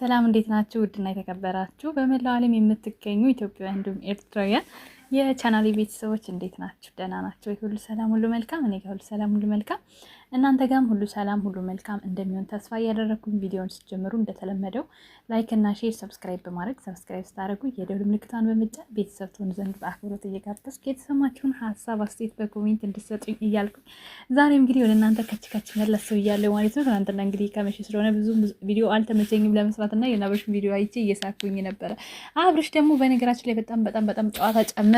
ሰላም እንዴት ናችሁ? ውድና የተከበራችሁ በመላው ዓለም የምትገኙ ኢትዮጵያውያን እንዲሁም ኤርትራውያን የቻናሌ ቤተሰቦች እንዴት ናችሁ? ደህና ናቸው? ሁሉ ሰላም፣ ሁሉ መልካም። እኔ ጋር ሁሉ ሰላም፣ ሁሉ መልካም፣ እናንተ ጋርም ሁሉ ሰላም፣ ሁሉ መልካም እንደሚሆን ተስፋ እያደረግኩኝ ቪዲዮውን ስትጀምሩ እንደተለመደው ላይክ እና ሼር፣ ሰብስክራይብ በማድረግ ሰብስክራይብ ስታደርጉ የደውል ምልክቷን በመጫን ቤተሰብ ትሆኑ ዘንድ በአክብሮት እየጋበዝኩ የተሰማችሁን ሀሳብ አስተያየት በኮሜንት እንድትሰጡኝ እያልኩኝ ዛሬም እንግዲህ ወደ እናንተ ከች ከች መለስ ብያለሁ ማለት ነው። ትናንትና እንግዲህ ከመሸ ስለሆነ ብዙ ቪዲዮ አልተመቸኝም ለመስራት እና የናበሽ ቪዲዮ አይቼ እየሳኩኝ ነበረ። አብርሽ ደግሞ በነገራችን ላይ በጣም በጣም በጣም ጨዋታ ጨምር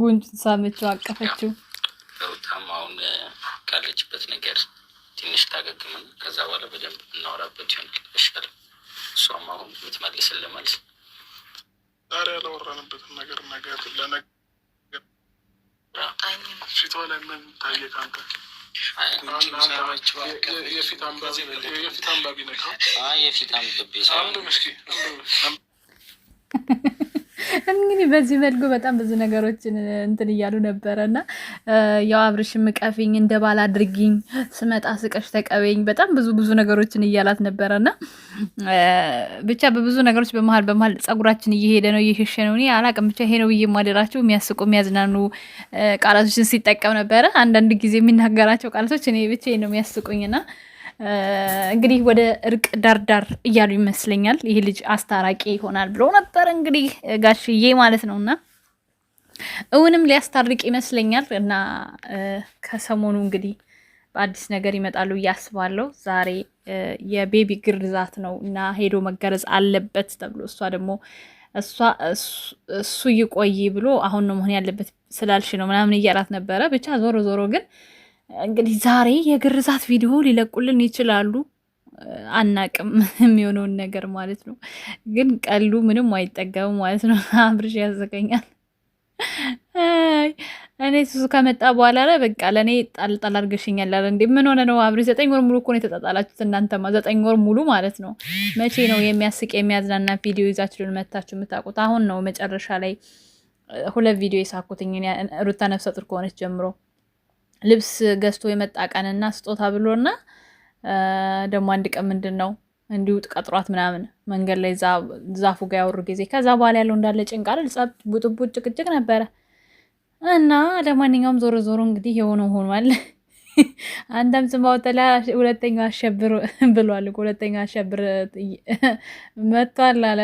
ጉንጭን ሳመችው፣ አቀፈችው። ሩታም አሁን ካለችበት ነገር ትንሽ ታገግምን፣ ከዛ በኋላ በደንብ እናወራበት ይሆን ይሻል። እሷም አሁን የምትመልስን ለመልስ ዛሬ ያላወራንበትን ነገር ነገር ለነገ ፊቷ ላይ ምን ታየቃንተ የፊት አንባቢ ነው። እንግዲህ በዚህ መልኩ በጣም ብዙ ነገሮችን እንትን እያሉ ነበረ እና ያው አብርሽ ምቀፊኝ፣ እንደ ባል አድርጊኝ ስመጣ ስቀሽ ተቀበኝ በጣም ብዙ ብዙ ነገሮችን እያላት ነበረ እና ብቻ በብዙ ነገሮች በመሀል በመሀል ጸጉራችን እየሄደ ነው እየሸሸ ነው። እኔ አላቅም ብቻ ይሄ ነው ብዬ ማደራቸው የሚያስቁ የሚያዝናኑ ቃላቶችን ሲጠቀም ነበረ። አንዳንድ ጊዜ የሚናገራቸው ቃላቶች እኔ ብቻ ነው የሚያስቁኝና እንግዲህ ወደ እርቅ ዳርዳር እያሉ ይመስለኛል። ይህ ልጅ አስታራቂ ይሆናል ብሎ ነበር እንግዲህ ጋሽዬ ማለት ነው እና እውንም ሊያስታርቅ ይመስለኛል እና ከሰሞኑ እንግዲህ በአዲስ ነገር ይመጣሉ እያስባለሁ። ዛሬ የቤቢ ግርዛት ነው እና ሄዶ መገረዝ አለበት ተብሎ እሷ ደግሞ እሱ ይቆይ ብሎ አሁን ነው መሆን ያለበት ስላልሽ ነው ምናምን እያላት ነበረ። ብቻ ዞሮ ዞሮ ግን እንግዲህ ዛሬ የግርዛት ቪዲዮ ሊለቁልን ይችላሉ። አናቅም የሚሆነውን ነገር ማለት ነው። ግን ቀሉ ምንም አይጠገብም ማለት ነው። አብርሽ ያዘገኛል። እኔ ሱሱ ከመጣ በኋላ ላይ በቃ ለእኔ ጣልጣል አድርገሽኛል አለ። እንዴ ምን ሆነ ነው አብርሽ? ዘጠኝ ወር ሙሉ እኮ ነው የተጣጣላችሁት እናንተማ። ዘጠኝ ወር ሙሉ ማለት ነው። መቼ ነው የሚያስቅ የሚያዝናና ቪዲዮ ይዛችሁልን መታችሁ የምታውቁት? አሁን ነው መጨረሻ ላይ ሁለት ቪዲዮ የሳኩትኝ ሩታ ነፍሰ ጡር ከሆነች ጀምሮ ልብስ ገዝቶ የመጣ ቀንና ስጦታ ብሎና ደግሞ አንድ ቀን ምንድን ነው እንዲሁ ቀጥሯት ምናምን መንገድ ላይ ዛፉ ጋር ያወሩ ጊዜ ከዛ በኋላ ያለው እንዳለ ጭንቃል፣ ጸብ፣ ቡጥቡጥ፣ ጭቅጭቅ ነበረ እና ለማንኛውም ዞሮ ዞሮ እንግዲህ የሆነ ሆኗል። አንተም አንዳም ስማወተላ ሁለተኛው አሸብር ብሏል። ሁለተኛው አሸብር መጥቷል አለ።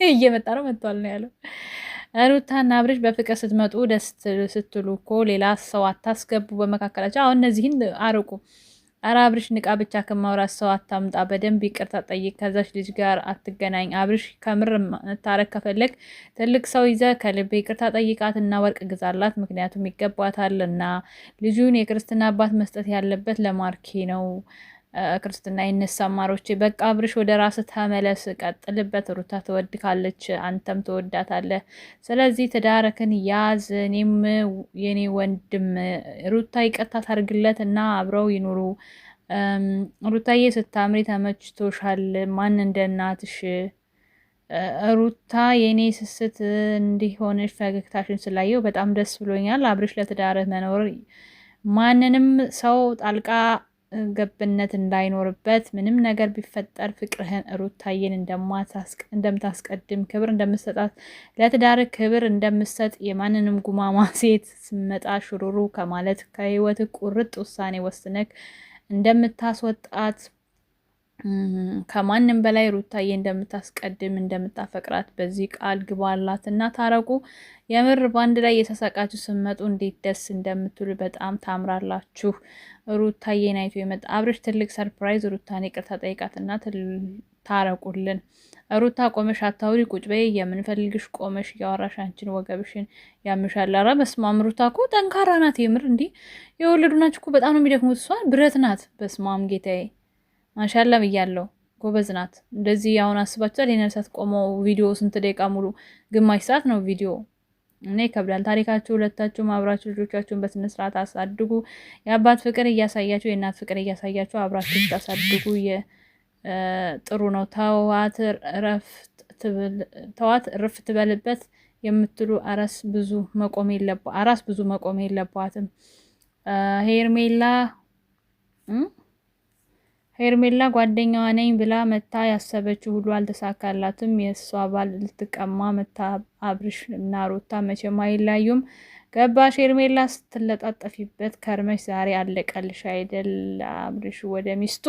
እየመጣ ነው መጥቷል ነው ያለው። ሩታና አብርሽ በፍቅር ስትመጡ ደስ ስትሉ እኮ ሌላ ሰው አታስገቡ በመካከላቸው። አሁን እነዚህን አርቁ። አረ አብርሽ ንቃ፣ ብቻ ከማውራት ሰው አታምጣ። በደንብ ይቅርታ ጠይቅ። ከዛች ልጅ ጋር አትገናኝ። አብርሽ ከምር መታረቅ ከፈለግ ትልቅ ሰው ይዘ ከልብ ይቅርታ ጠይቃት እና ወርቅ ግዛላት፣ ምክንያቱም ይገባታል እና ልጁን የክርስትና አባት መስጠት ያለበት ለማርኬ ነው። ክርስትና ይነሳ ማሮቼ፣ በቃ አብርሽ ወደ ራስ ተመለስ፣ ቀጥልበት። ሩታ ትወድካለች፣ አንተም ትወዳታለህ። ስለዚህ ትዳረክን ያዝ። እኔም የኔ ወንድም ሩታ ይቅርታ ታርግለት እና አብረው ይኑሩ። ሩታዬ ስታምሪ ተመችቶሻል። ማን እንደ እናትሽ ሩታ የእኔ ስስት እንዲሆንሽ ፈገግታሽን ስላየው በጣም ደስ ብሎኛል። አብርሽ ለትዳርህ መኖር ማንንም ሰው ጣልቃ ገብነት እንዳይኖርበት ምንም ነገር ቢፈጠር ፍቅርህን ሩታዬን እንደምታስቀድም ክብር እንደምሰጣት ለትዳር ክብር እንደምሰጥ የማንንም ጉማማ ሴት ስመጣ ሽሩሩ ከማለት ከህይወት ቁርጥ ውሳኔ ወስነክ እንደምታስወጣት ከማንም በላይ ሩታዬ እንደምታስቀድም እንደምታፈቅራት በዚህ ቃል ግባላት እና ታረቁ። የምር በአንድ ላይ የተሰቃችሁ ስመጡ እንዴት ደስ እንደምትሉ በጣም ታምራላችሁ። ሩታዬን አይቶ የመጣ አብርሽ ትልቅ ሰርፕራይዝ፣ ሩታን ይቅርታ እና ታረቁልን። ሩታ ቆመሽ አታውሪ፣ ቁጭ በይ። የምንፈልግሽ ቆመሽ እያወራሽ አንቺን ወገብሽን ያምሻል። ኧረ በስመ አብ ሩታ እኮ ጠንካራ ናት። የምር እንዲህ የወለዱ ናችሁ እኮ በጣም ነው የሚደክሙት። እሷን ብረት ናት። በስመ አብ ጌታዬ ማሻላ ብያለው ጎበዝ ናት። እንደዚህ አሁን አስባችኋል? ይህን ሰዓት ቆመው ቪዲዮ ስንት ደቂቃ ሙሉ ግማሽ ሰዓት ነው ቪዲዮ እኔ ይከብዳል። ታሪካችሁ ሁለታችሁም አብራችሁ ልጆቻችሁን በስነ ስርዓት አሳድጉ። የአባት ፍቅር እያሳያችሁ የእናት ፍቅር እያሳያችሁ አብራችሁ ታሳድጉ። ጥሩ ነው። ተዋት እርፍ ትበልበት የምትሉ አራስ ብዙ መቆም የለባ አራስ ብዙ መቆም የለባትም ሄርሜላ ሄርሜላ ጓደኛዋ ነኝ ብላ መታ ያሰበችው ሁሉ አልተሳካላትም። የእሷ ባል ልትቀማ መታ። አብርሽ እና ሩታ መቼም አይለያዩም። ገባሽ ሄርሜላ ስትለጣጠፊበት ከርመሽ ዛሬ አለቀልሽ አይደል? አብርሽ ወደ ሚስቱ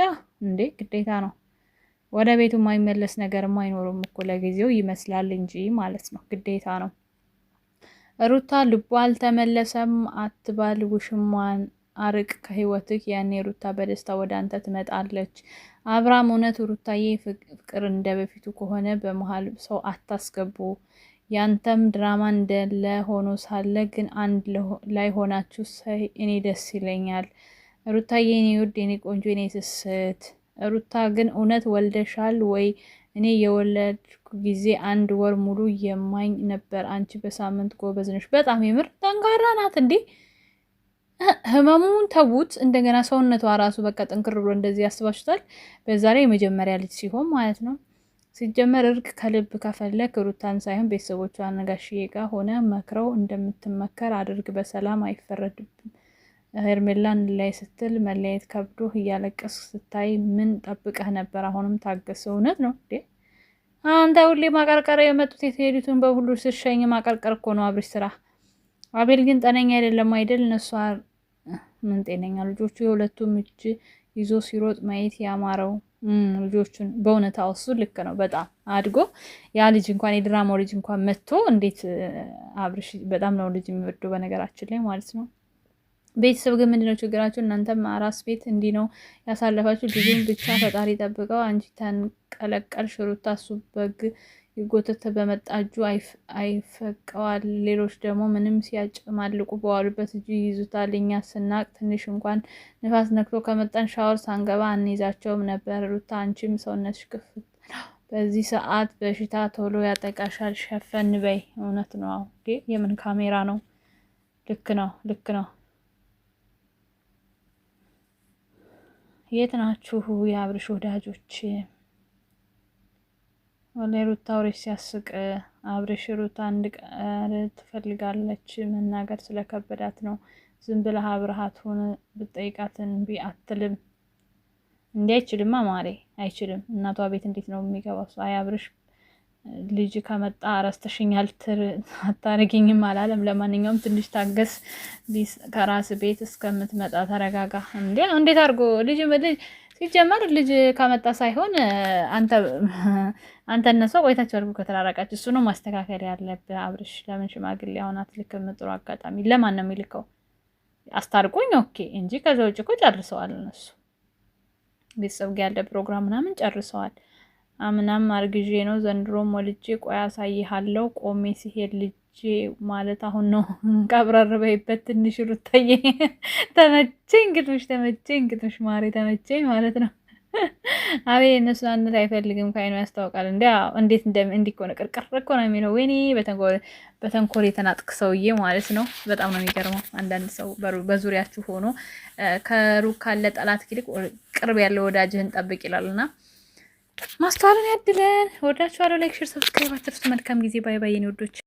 ያ እንዴ ግዴታ ነው። ወደ ቤቱ የማይመለስ ነገርም አይኖርም እኮ ለጊዜው ይመስላል እንጂ ማለት ነው። ግዴታ ነው። ሩታ ልቧ አልተመለሰም አትባል ውሽሟን አርቅ ከህይወትህ። ያኔ ሩታ በደስታ ወደ አንተ ትመጣለች። አብርሃም እውነት ሩታዬ ፍቅር እንደ በፊቱ ከሆነ በመሀል ሰው አታስገቡ። ያንተም ድራማ እንደለ ሆኖ ሳለ ግን አንድ ላይ ሆናችሁ እኔ ደስ ይለኛል። ሩታዬ የኔ ውድ፣ የኔ ቆንጆ፣ የኔ ስስት ሩታ ግን እውነት ወልደሻል ወይ? እኔ የወለድኩ ጊዜ አንድ ወር ሙሉ የማኝ ነበር። አንቺ በሳምንት ጎበዝ ነሽ። በጣም የምር ጠንካራ ናት እንዴ! ህመሙን ተዉት። እንደገና ሰውነቷ ራሱ በቃ ጥንክር ብሎ እንደዚህ ያስባችሁታል። በዛ ላይ የመጀመሪያ ልጅ ሲሆን ማለት ነው። ሲጀመር እርቅ ከልብ ከፈለክ ሩታን ሳይሆን ቤተሰቦቿ ጋሽዬ ጋ ሆነ መክረው እንደምትመከር አድርግ። በሰላም አይፈረድብም። ሄርሜላን ላይ ስትል መለየት ከብዶ እያለቀስ ስታይ ምን ጠብቀህ ነበር? አሁንም ታገስ። እውነት ነው እንዴ አንተ ሁሌ ማቀርቀር የመጡት የተሄዱትን በሁሉ ስሸኝ ማቀርቀር እኮ ነው አብሪ ስራ። አቤል ግን ጠነኛ አይደለም አይደል? እነሱ ምን ጤነኛ ልጆቹ የሁለቱም እጅ ይዞ ሲሮጥ ማየት ያማረው ልጆቹን በእውነት አውሱ ልክ ነው። በጣም አድጎ ያ ልጅ እንኳን የድራማው ልጅ እንኳን መጥቶ እንዴት አብርሽ በጣም ነው ልጅ የሚወደው በነገራችን ላይ ማለት ነው። ቤተሰብ ግን ምንድነው ችግራችሁ? እናንተም አራስ ቤት እንዲህ ነው ያሳለፋችሁ። ልጁን ብቻ ፈጣሪ ጠብቀው። አንቺ ተንቀለቀል ሽሩታ እሱ በግ ይጎተተ በመጣ እጁ አይፈቀዋል። ሌሎች ደግሞ ምንም ሲያጨማልቁ በዋሉበት እጁ ይይዙታል። እኛ ስናቅ ትንሽ እንኳን ንፋስ ነክቶ ከመጣን ሻወር ሳንገባ አንይዛቸውም ነበር። ሩታ አንቺም ሰውነትሽ ክፍት በዚህ ሰዓት በሽታ ቶሎ ያጠቃሻል። ሸፈን በይ። እውነት ነው። የምን ካሜራ ነው? ልክ ነው፣ ልክ ነው። የት ናችሁ የአብርሽ ወዳጆች? ሩታ ወሬ ሲያስቅ አብርሽ ሩታ አንድ ቃል ትፈልጋለች መናገር ስለከበዳት ነው። ዝም ብለህ አብረሃት ሆነ ብጠይቃትን እምቢ አትልም። እንዴ አይችልማ ማሬ አይችልም። እናቷ ቤት እንዴት ነው የሚገባው? አይ አብርሽ ልጅ ከመጣ ትር አታረጊኝም አላለም። ለማንኛውም ትንሽ ታገስ፣ ከራስ ቤት እስከምትመጣ ተረጋጋ። እንዴ እንዴት አድርጎ ልጅ ልጅ ሲጀመር ልጅ ከመጣ ሳይሆን አንተ እነሷ ቆይታቸው እርጉ ከተራራቃችሁ እሱ ነው ማስተካከል ያለብህ አብርሽ። ለምን ሽማግሌ አሁን አትልክም? ጥሩ አጋጣሚ ለማን ነው የሚልከው? አስታርቁኝ ኦኬ እንጂ ከዛ ውጭ እኮ ጨርሰዋል። እነሱ ቤተሰብ ጋ ያለ ፕሮግራም ምናምን ጨርሰዋል። አምናም አርግዤ ነው ዘንድሮም ወልጄ ቆይ አሳይሃለሁ ቆሜ ሲሄድ ልጅ ማለት አሁን ነው ቀብረርበይበት ትንሽ ሩታዬ ተመቸኝ፣ ግጥምሽ ተመቸኝ፣ ግጥምሽ ማሬ ተመቸኝ ማለት ነው። አቤ እነሱ አንድ አይፈልግም ከአይኑ ያስታውቃል። እንዲ እንዴት እንዲኮነ ቅርቅር እኮ ነው የሚለው። ወይኔ በተንኮል የተናጥቅ ሰውዬ ማለት ነው። በጣም ነው የሚገርመው። አንዳንድ ሰው በዙሪያችሁ ሆኖ ከሩቅ ካለ ጠላት ይልቅ ቅርብ ያለ ወዳጅህን ጠብቅ ይላል እና ማስተዋልን ያድለን። ወዳችኋለሁ። ላይክ፣ ሼር፣ ሰብስክራይብ አትርሱ። መልካም ጊዜ። ባይ ባይ የኔ ወዶች።